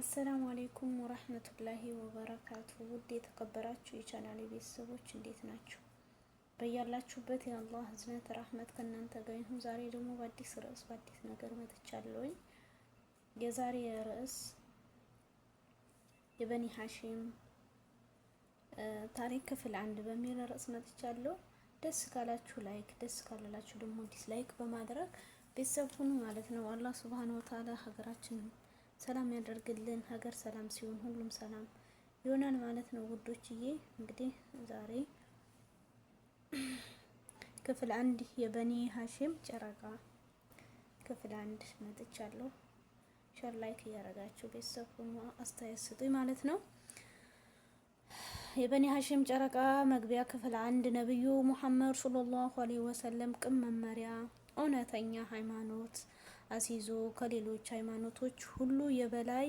አሰላሙ አሌይኩም ወራህመቱላሂ ወበረካቱ። ውድ የተከበራችሁ የቻናሌ ቤተሰቦች እንዴት ናችሁ? በያላችሁበት የአላህ ህዝነት ራህመት ከእናንተ ጋር ይሁን። ዛሬ ደግሞ በአዲስ ርዕስ በአዲስ ነገር መጥቻለሁኝ። የዛሬ ርዕስ የበኒ ሀሺም ታሪክ ክፍል አንድ በሚል ርዕስ መጥቻለሁ። ደስ ካላችሁ ላይክ፣ ደስ ካላላችሁ ደግሞ ዲስላይክ በማድረግ ቤተሰብ ሁኑ ማለት ነው። አላህ ሱብሃነሁ ወተዓላ ሀገራችን ሰላም ያደርግልን። ሀገር ሰላም ሲሆን ሁሉም ሰላም ይሆናል ማለት ነው ውዶችዬ። እንግዲህ ዛሬ ክፍል አንድ የበኒ ሀሽም ጨረቃ ክፍል አንድ መጥቻለሁ። ሸር ላይክ እያደረጋችሁ ቤተሰብ ሁኑ፣ አስተያየት ስጡኝ ማለት ነው። የበኒ ሀሽም ጨረቃ መግቢያ ክፍል አንድ ነብዩ ሙሐመድ ሰለላሁ ዐለይሂ ወሰለም ቅን መመሪያ እውነተኛ ሃይማኖት አስይዞ ከሌሎች ሃይማኖቶች ሁሉ የበላይ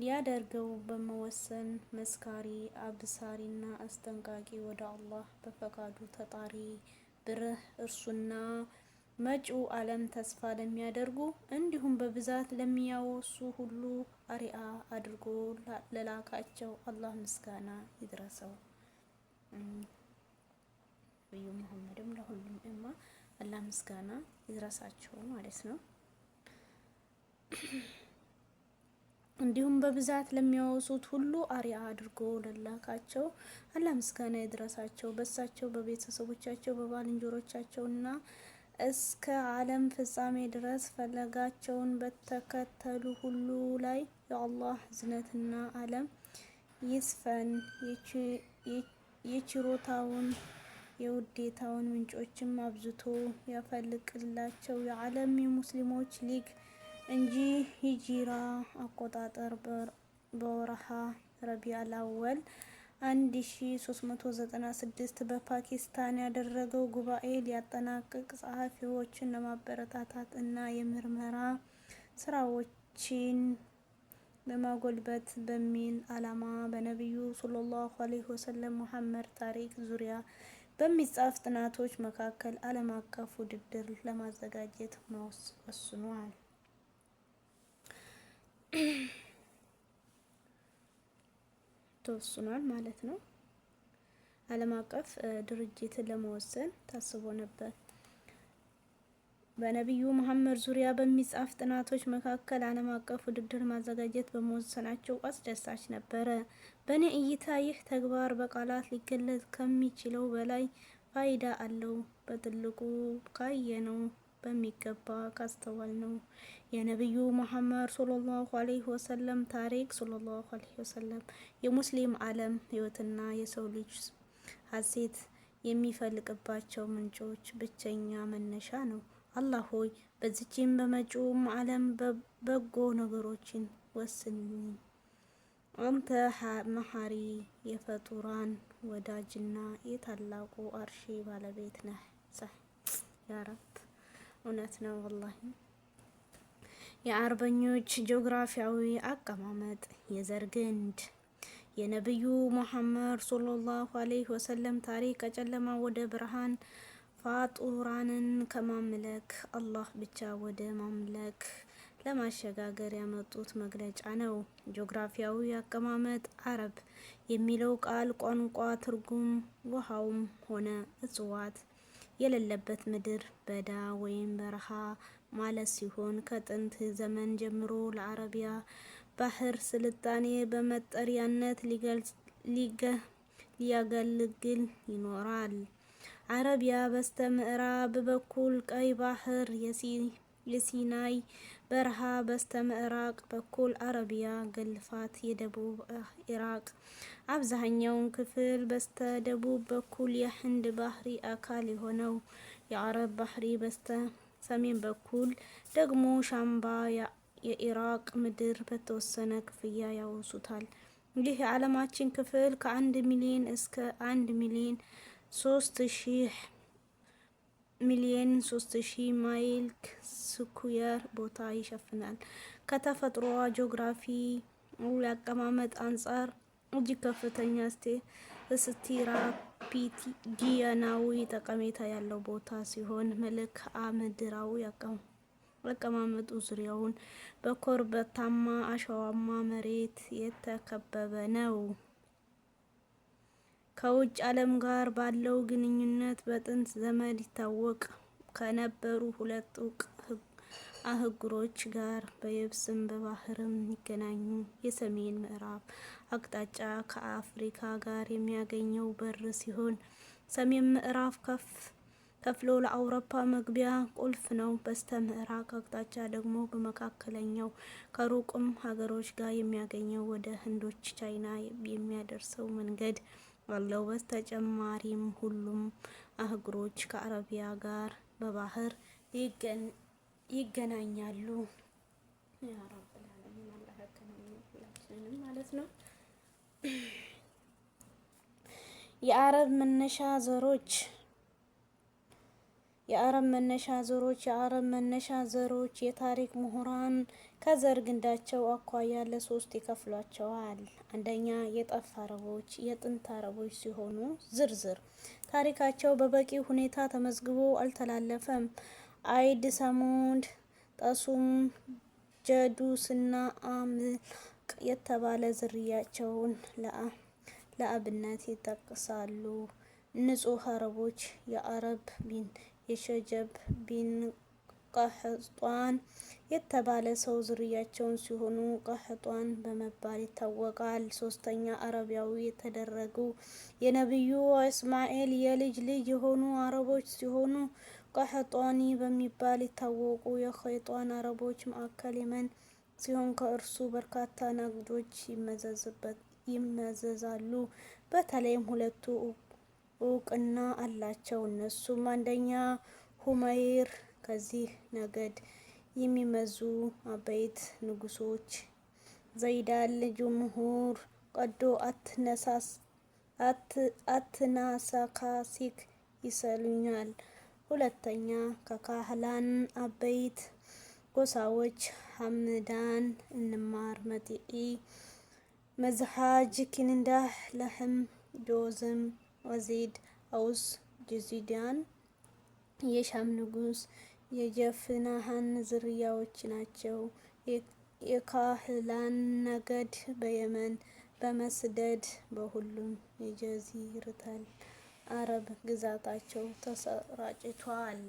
ሊያደርገው በመወሰን መስካሪ፣ አብሳሪና አስጠንቃቂ ወደ አላህ በፈቃዱ ተጣሪ ብርህ እርሱና መጪው ዓለም ተስፋ ለሚያደርጉ እንዲሁም በብዛት ለሚያወሱ ሁሉ አሪአ አድርጎ ለላካቸው አላህ ምስጋና ይድረሰው። ነብዩ መሐመድም ለሁሉም እማ አላህ ምስጋና ይድረሳቸው ማለት ነው። እንዲሁም በብዛት ለሚያወሱት ሁሉ አሪያ አድርጎ ለላካቸው አላህ ምስጋና ይድረሳቸው። በሳቸው በቤተሰቦቻቸው በባልንጀሮቻቸውና እስከ ዓለም ፍጻሜ ድረስ ፈለጋቸውን በተከተሉ ሁሉ ላይ የአላህ ዝነትና ዓለም ይስፈን የችሮታውን የውዴታውን ምንጮችም አብዝቶ ያፈልቅላቸው። የዓለም የሙስሊሞች ሊግ እንጂ ሂጂራ አቆጣጠር በወረሃ ረቢያ ላወል 1396 በፓኪስታን ያደረገው ጉባኤ ሊያጠናቅቅ ጸሐፊዎችን ለማበረታታት እና የምርመራ ስራዎችን ለማጎልበት በሚል ዓላማ በነቢዩ ሰለላሁ ዐለይሂ ወሰለም ሙሐመድ ታሪክ ዙሪያ በሚጻፍ ጥናቶች መካከል ዓለም አቀፍ ውድድር ለማዘጋጀት ወስኗል። ተወስኗል ማለት ነው። ዓለም አቀፍ ድርጅትን ለመወሰን ታስቦ ነበር። በነቢዩ መሐመድ ዙሪያ በሚጻፍ ጥናቶች መካከል ዓለም አቀፍ ውድድር ማዘጋጀት በመወሰናቸው አስደሳች ነበረ። በእኔ እይታ ይህ ተግባር በቃላት ሊገለጽ ከሚችለው በላይ ፋይዳ አለው። በትልቁ ካየነው በሚገባ ካስተዋል ነው የነቢዩ መሐመድ ሶለላሁ አለይሂ ወሰለም ታሪክ ሶለላሁ አለይሂ ወሰለም የሙስሊም ዓለም ህይወትና የሰው ልጅ ሀሴት የሚፈልቅባቸው ምንጮች ብቸኛ መነሻ ነው። አላህ ሆይ በዚችም በመጪውም ዓለም በጎ ነገሮችን ወስን። አንተ መሐሪ የፈጡራን ወዳጅና የታላቁ አርሺ ባለቤት ነህ። ያረብ እውነት ነው ወላሂ። የአርበኞች ጂኦግራፊያዊ አቀማመጥ የዘር ግንድ የነቢዩ ሙሐመድ ሶለላሁ ወሰለም ታሪክ ከጨለማ ወደ ብርሃን ፋጡራንን ከማምለክ አላህ ብቻ ወደ ማምለክ ለማሸጋገር ያመጡት መግለጫ ነው። ጂኦግራፊያዊ አቀማመጥ አረብ የሚለው ቃል ቋንቋ ትርጉም ውሃውም ሆነ እጽዋት የሌለበት ምድር፣ በዳ ወይም በረሃ ማለት ሲሆን ከጥንት ዘመን ጀምሮ ለአረቢያ ባህር ስልጣኔ በመጠሪያነት ሊያገለግል ይኖራል። አረቢያ በስተ ምዕራብ በኩል ቀይ ባህር፣ የሲናይ በረሃ በስተ ምዕራቅ በኩል አረቢያ ገልፋት፣ የደቡብ ኢራቅ አብዛኛውን ክፍል በስተ ደቡብ በኩል የህንድ ባህሪ አካል የሆነው የአረብ ባህሪ በስተ ሰሜን በኩል ደግሞ ሻምባ የኢራቅ ምድር በተወሰነ ክፍያ ያወሱታል። ይህ የዓለማችን ክፍል ከአንድ ሚሊዮን እስከ አንድ ሚሊዮን ሶስት ሺህ ሚሊየን ሶስት ሺህ ማይል ስኩየር ቦታ ይሸፍናል። ከተፈጥሮዋ ጂኦግራፊ አቀማመጥ አንጻር እጅግ ከፍተኛ ጊያናዊ ጠቀሜታ ያለው ቦታ ሲሆን መልክዓ ምድራዊ አቀማመጡ ዙሪያውን በኮረብታማ አሸዋማ መሬት የተከበበ ነው። ከውጭ ዓለም ጋር ባለው ግንኙነት በጥንት ዘመን ይታወቅ ከነበሩ ሁለት እውቅ አህጉሮች ጋር በየብስም በባህርም የሚገናኙ የሰሜን ምዕራብ አቅጣጫ ከአፍሪካ ጋር የሚያገኘው በር ሲሆን ሰሜን ምዕራብ ከፍ ከፍሎ ለአውሮፓ መግቢያ ቁልፍ ነው። በስተ ምዕራቅ አቅጣጫ ደግሞ በመካከለኛው ከሩቅም ሀገሮች ጋር የሚያገኘው ወደ ህንዶች፣ ቻይና የሚያደርሰው መንገድ ባለው በስተጨማሪም ሁሉም አህጉሮች ከአረቢያ ጋር በባህር ይገናኛሉ። ማለት ነው። የአረብ መነሻ ዘሮች የአረብ መነሻ ዘሮች የአረብ መነሻ ዘሮች የታሪክ ምሁራን ከዘር ግንዳቸው አኳያ ለሶስት ይከፍሏቸዋል። አንደኛ የጠፍ አረቦች፣ የጥንት አረቦች ሲሆኑ ዝርዝር ታሪካቸው በበቂ ሁኔታ ተመዝግቦ አልተላለፈም። አይድ፣ ሰሙድ፣ ጠሱም፣ ጀዱስና አምልቅ የተባለ ዝርያቸውን ለአብነት ይጠቅሳሉ። ንጹህ አረቦች የአረብ ቢን የሸጀብ ቢን ቀህጧን የተባለ ሰው ዝርያቸውን ሲሆኑ ቀህጧን በመባል ይታወቃል። ሶስተኛ አረቢያዊ የተደረጉ የነቢዩ እስማኤል የልጅ ልጅ የሆኑ አረቦች ሲሆኑ ቀህጧኒ በሚባል ይታወቁ የኸይጧን አረቦች ማዕከል የመን ሲሆን ከእርሱ በርካታ ይመዘዝበት ይመዘዛሉ። በተለይም ሁለቱ እውቅና አላቸው። እነሱም አንደኛ ሁመይር ከዚህ ነገድ የሚመዙ አበይት ንጉሶች ዘይዳል፣ ጅምሁር፣ ቀዶ፣ አትናሳካሲክ ይሰሉኛል። ሁለተኛ ከካህላን አበይት ጎሳዎች ሐምዳን፣ እንማር፣ መጢኢ፣ መዝሃጅ፣ ኪንዳህ፣ ለህም፣ ጆዝም ኦዜድ አውስ ጂዚዲያን የሻም ንጉስ የጀፍናሃን ዝርያዎች ናቸው። የካህላን ነገድ በየመን በመስደድ በሁሉም የጀዚርተል አረብ ግዛታቸው ተሰራጭቷል።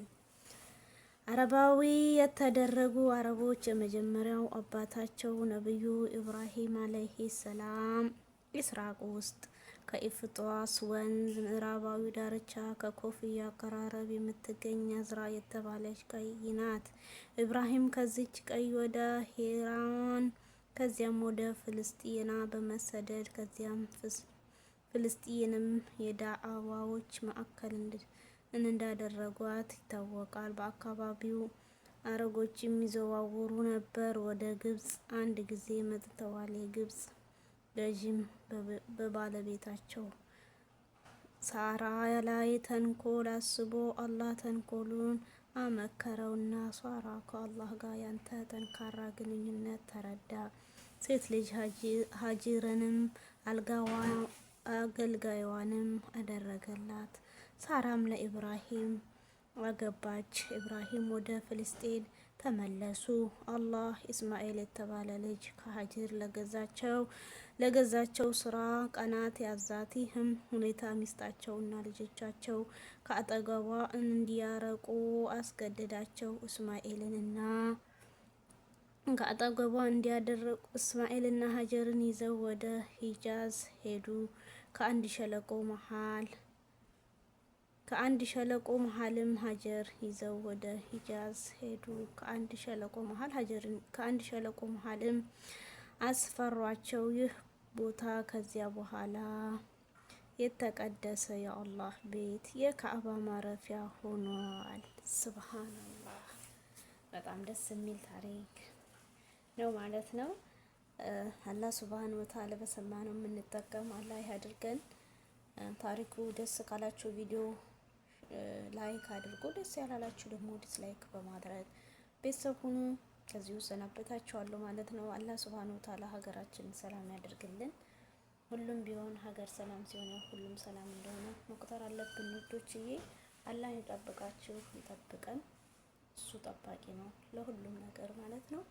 አረባዊ የተደረጉ አረቦች የመጀመሪያው አባታቸው ነቢዩ ኢብራሂም አለይሂ ሰላም ኢስራቅ ውስጥ ከኢፍጧስ ወንዝ ምዕራባዊ ዳርቻ ከኮፍያ አቀራረብ የምትገኝ አዝራ የተባለች ቀይ ናት። ኢብራሂም ከዚች ቀይ ወደ ሄራን ከዚያም ወደ ፍልስጤና በመሰደድ ከዚያም ፍልስጤንም የዳዕዋዎች ማዕከል እንዳደረጓት ይታወቃል። በአካባቢው አረጎች የሚዘዋውሩ ነበር። ወደ ግብጽ አንድ ጊዜ መጥተዋል። የግብጽ ረዥም በባለቤታቸው ሳራ ላይ ተንኮል አስቦ አላህ ተንኮሉን አመከረውና ሳራ ከአላህ ጋር ያንተ ጠንካራ ግንኙነት ተረዳ። ሴት ልጅ ሀጂርንም አገልጋይዋንም አደረገላት። ሳራም ለኢብራሂም አገባች። ኢብራሂም ወደ ፍልስጤን ተመለሱ። አላህ ኢስማኤል የተባለ ልጅ ከሀጅር ለገዛቸው ለገዛቸው ስራ ቀናት ያዛት። ይህም ሁኔታ ሚስታቸውና ልጆቻቸው ከአጠገቧ እንዲያረቁ አስገደዳቸው። እስማኤልንና ከአጠገቧ እንዲያደረቁ እስማኤልና ሀጀርን ይዘው ወደ ሂጃዝ ሄዱ። ከአንድ ሸለቆ መሀል ከአንድ ሸለቆ መሀልም ሀጀር ይዘው ወደ ሂጃዝ ሄዱ። ከአንድ ሸለቆ መሀል ሀጀርን ከአንድ ሸለቆ መሀልም አስፈሯቸው። ይህ ቦታ ከዚያ በኋላ የተቀደሰ የአላህ ቤት የካዕባ ማረፊያ ሆኗል። ስብሃንላህ በጣም ደስ የሚል ታሪክ ነው ማለት ነው። አላህ ሱብሃነሁ ወተዓላ ነው የምንጠቀም አላህ ያድርገን። ታሪኩ ደስ ካላችሁ ቪዲዮ ላይክ አድርጎ፣ ደስ ያላላችሁ ደግሞ ዲስላይክ በማድረግ ቤተሰብ ሁኑ። ከዚሁ ሰናበታችኋለሁ ማለት ነው። አላህ ሱብሃነሁ ወተዓላ ሀገራችን ሰላም ያደርግልን። ሁሉም ቢሆን ሀገር ሰላም ሲሆን ሁሉም ሰላም እንደሆነ መቁጠር አለብን። ውዶችዬ አላህ ይጠብቃችሁ ይጠብቀን። እሱ ጠባቂ ነው ለሁሉም ነገር ማለት ነው።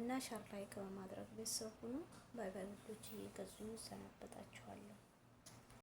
እና ሻር ላይክ በማድረግ ቤተሰብ ሁኑ። ባይ ባይ ውዶችዬ፣ ከዚሁ ሰናበታችኋለሁ።